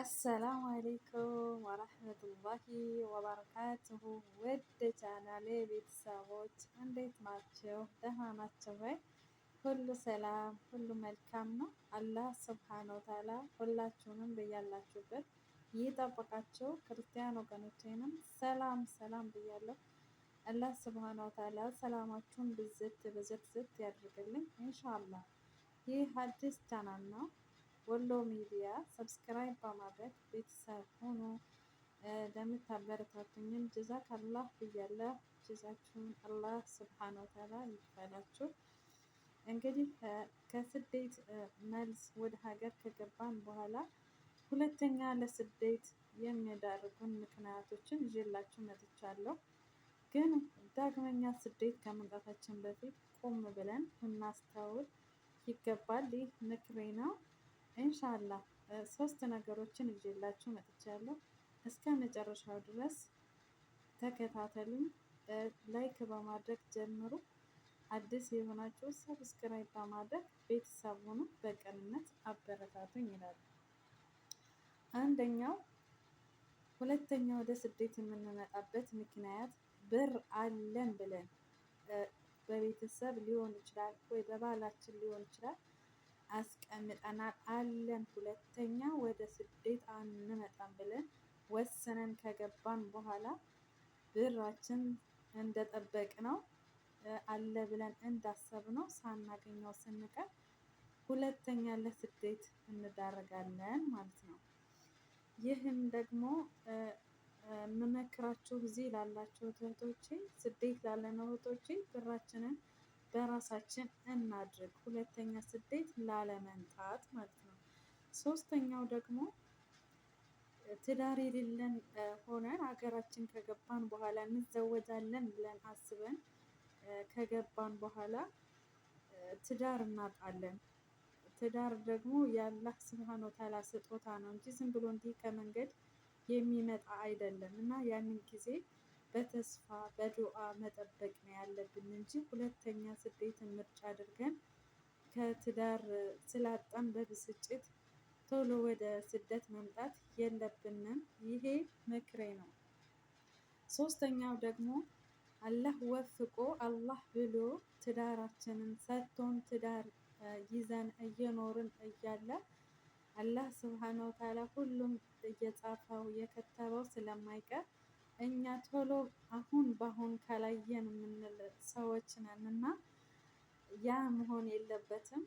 አሰላሙ አሌይኩም ወረህመቱላሂ ወበረካቱሁ ወደ ቻናሌ ቤተሰቦች እንዴት ናቸው? ደህና ናቸው ወይ? ሁሉ ሰላም፣ ሁሉ መልካም ነው። አላህ ስብሓነ ወተዓላ ሁላችሁንም ብያላችሁበት ይጠብቃችሁ። ክርስቲያን ወገኖቼንም ሰላም ሰላም ብያለሁ። አላህ ስብሓነ ወተዓላ ሰላማችሁን ብዝት ብዝት ዝት ያድርግልኝ። እንሻአላህ ይህ አዲስ ቻናል ነው። ወሎ ሚዲያ ሰብስክራይብ በማድረግ ቤተሰብ ሆኖ ለምታበረታቱኝም ጀዛክ አላህ ብያለሁ። ጀዛችሁን አላህ ስብሓን ወተዓላ ይክፈላችሁ። እንግዲህ ከስደት መልስ ወደ ሀገር ከገባን በኋላ ሁለተኛ ለስደት የሚያዳርጉን ምክንያቶችን ይዤላችሁ መጥቻለሁ። ግን ዳግመኛ ስደት ከመምጣታችን በፊት ቆም ብለን እናስተውል ይገባል። ይህ ምክሬ ነው። እንሻላ ሶስት ነገሮችን ይዤላችሁ መጥቻለሁ። እስከ መጨረሻው ድረስ ተከታተሉኝ። ላይክ በማድረግ ጀምሩ። አዲስ የሆናችሁ ሰብስክራይብ በማድረግ ቤተሰብ ሆኑ። በቅንነት አበረታቱኝ ይላሉ። አንደኛው ሁለተኛ ወደ ስደት የምንመጣበት ምክንያት ብር አለን ብለን በቤተሰብ ሊሆን ይችላል ወይ በባህላችን ሊሆን ይችላል አስቀምጠናል አለን። ሁለተኛ ወደ ስደት አንመጣም ብለን ወሰነን። ከገባን በኋላ ብራችን እንደጠበቅ ነው አለ ብለን እንዳሰብ ነው ሳናገኘው ስንቀር ሁለተኛ ለስደት እንዳረጋለን ማለት ነው። ይህም ደግሞ የምመክራችሁ ጊዜ ላላችሁ እህቶቼ ስደት ላለነው እህቶቼ ብራችንን በራሳችን እናድርግ። ሁለተኛ ስዴት ላለመምጣት ማለት ነው። ሶስተኛው ደግሞ ትዳር የሌለን ሆነን ሀገራችን ከገባን በኋላ እንዘወጃለን ብለን አስበን ከገባን በኋላ ትዳር እናጣለን። ትዳር ደግሞ የአላህ ስብሃነ ወተዓላ ስጦታ ነው እንጂ ዝም ብሎ እንዲህ ከመንገድ የሚመጣ አይደለም እና ያንን ጊዜ በተስፋ በዱዓ መጠበቅ ነው ያለብን እንጂ ሁለተኛ ስደትን ምርጫ አድርገን ከትዳር ስላጣን በብስጭት ቶሎ ወደ ስደት መምጣት የለብንም። ይሄ ምክሬ ነው። ሶስተኛው ደግሞ አላህ ወፍቆ አላህ ብሎ ትዳራችንን ሰጥቶን ትዳር ይዘን እየኖርን እያለ አላህ ስብሓነ ወተዓላ ሁሉም እየጻፈው የከተበው ስለማይቀር እኛ ቶሎ አሁን በአሁን ከላይ የምንል ሰዎች ነን እና ያ መሆን የለበትም።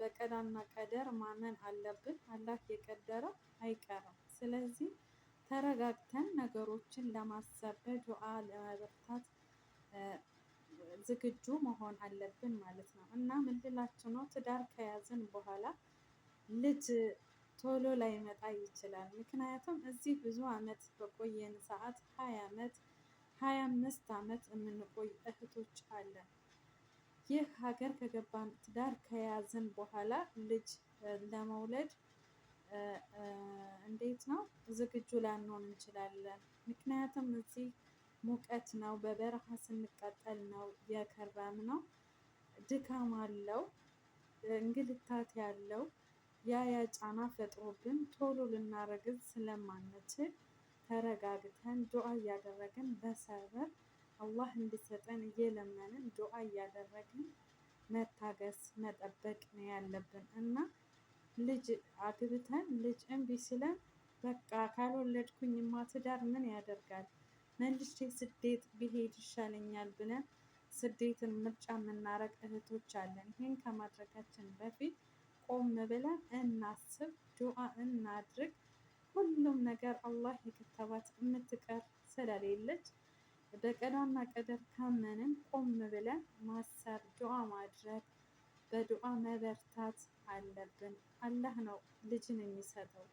በቀዳና ቀደር ማመን አለብን። አላህ የቀደረው አይቀርም። ስለዚህ ተረጋግተን ነገሮችን ለማሰብ በዱዓ ለመበርታት ዝግጁ መሆን አለብን ማለት ነው እና ምንድላችሁ ነው ትዳር ከያዝን በኋላ ልጅ ቶሎ ላይመጣ ይችላል። ምክንያቱም እዚህ ብዙ አመት በቆየን ሰዓት ሀያ አመት ሀያ አምስት አመት የምንቆይ እህቶች አለን። ይህ ሀገር ከገባን ትዳር ከያዝን በኋላ ልጅ ለመውለድ እንዴት ነው ዝግጁ ላንሆን እንችላለን። ምክንያቱም እዚህ ሙቀት ነው፣ በበረሃ ስንቃጠል ነው የከረም ነው። ድካም አለው፣ እንግልታት ያለው ያ ያ ጫና ፈጥሮብን ቶሎ ልናረግዝ ስለማንችል ተረጋግተን ዱዓ እያደረግን በሰበር አላህ እንዲሰጠን እየለመንን ዱዓ እያደረግን መታገስ መጠበቅ ነው ያለብን እና ልጅ አግብተን ልጅ እምቢ ስለን በቃ ካልወለድኩኝማ ትዳር ምን ያደርጋል መልሼ ስደት ብሄድ ይሻለኛል ብለን ስደትን ምርጫ የምናረግ እህቶች አለን። ይህን ከማድረጋችን በፊት ቆም ብለን እናስብ፣ ዱዓ እናድርግ። ሁሉም ነገር አላህ የከተባት የምትቀር ስለሌለች በቀዳና ቀደር ካመንን ቆም ብለን ማሰብ፣ ዱዓ ማድረግ፣ በዱዓ መበርታት አለብን። አላህ ነው ልጅን የሚሰጠው።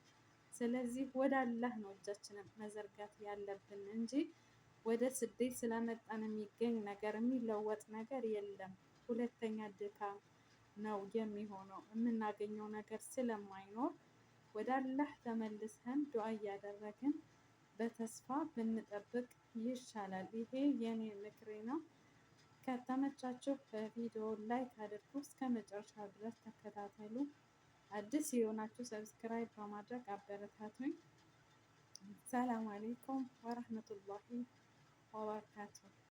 ስለዚህ ወደ አላህ ነው እጃችንን መዘርጋት ያለብን እንጂ ወደ ስደት ስለመጣን የሚገኝ ነገር የሚለወጥ ነገር የለም። ሁለተኛ ድካም ነው የሚሆነው። የምናገኘው ነገር ስለማይኖር ወደ አላህ ተመልሰን ዱዓ እያደረግን በተስፋ ብንጠብቅ ይሻላል። ይሄ የኔ ምክሬ ነው። ከተመቻችሁ በቪዲዮ ላይክ አድርጉ። እስከ መጨረሻ ድረስ ተከታተሉ። አዲስ የሆናችሁ ሰብስክራይብ በማድረግ አበረታቱኝ። ሰላም አሌይኩም ወረህመቱላሂ ወበረካቱ።